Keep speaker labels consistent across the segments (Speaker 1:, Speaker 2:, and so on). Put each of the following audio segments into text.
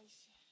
Speaker 1: předsedající.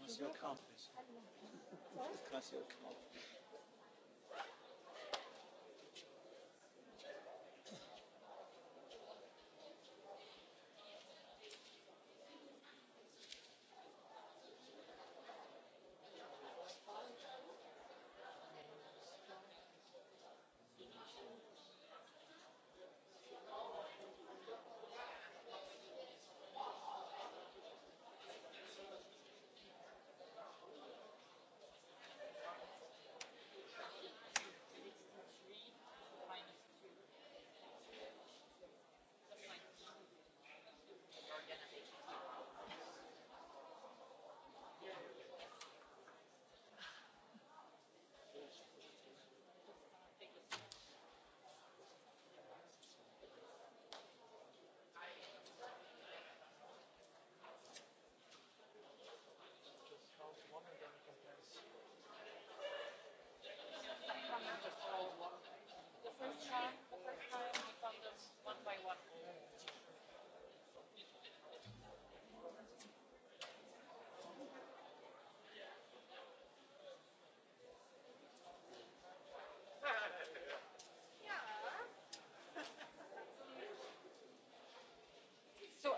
Speaker 1: Monsieur Campus. Monsieur Campus.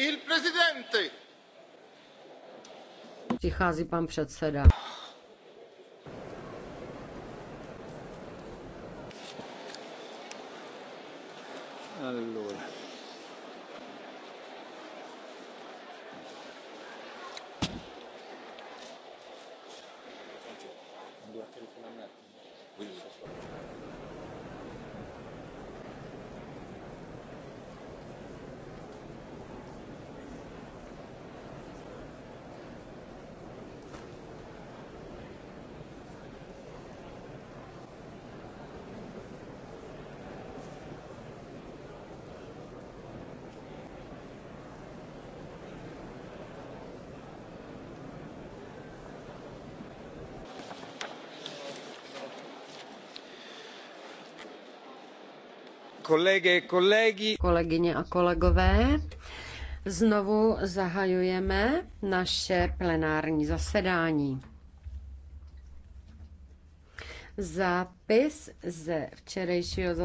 Speaker 1: il presidente. Přichází pan předseda. Kolegyně a kolegové, znovu zahajujeme naše plenární zasedání. Zápis ze včerejšího zasedání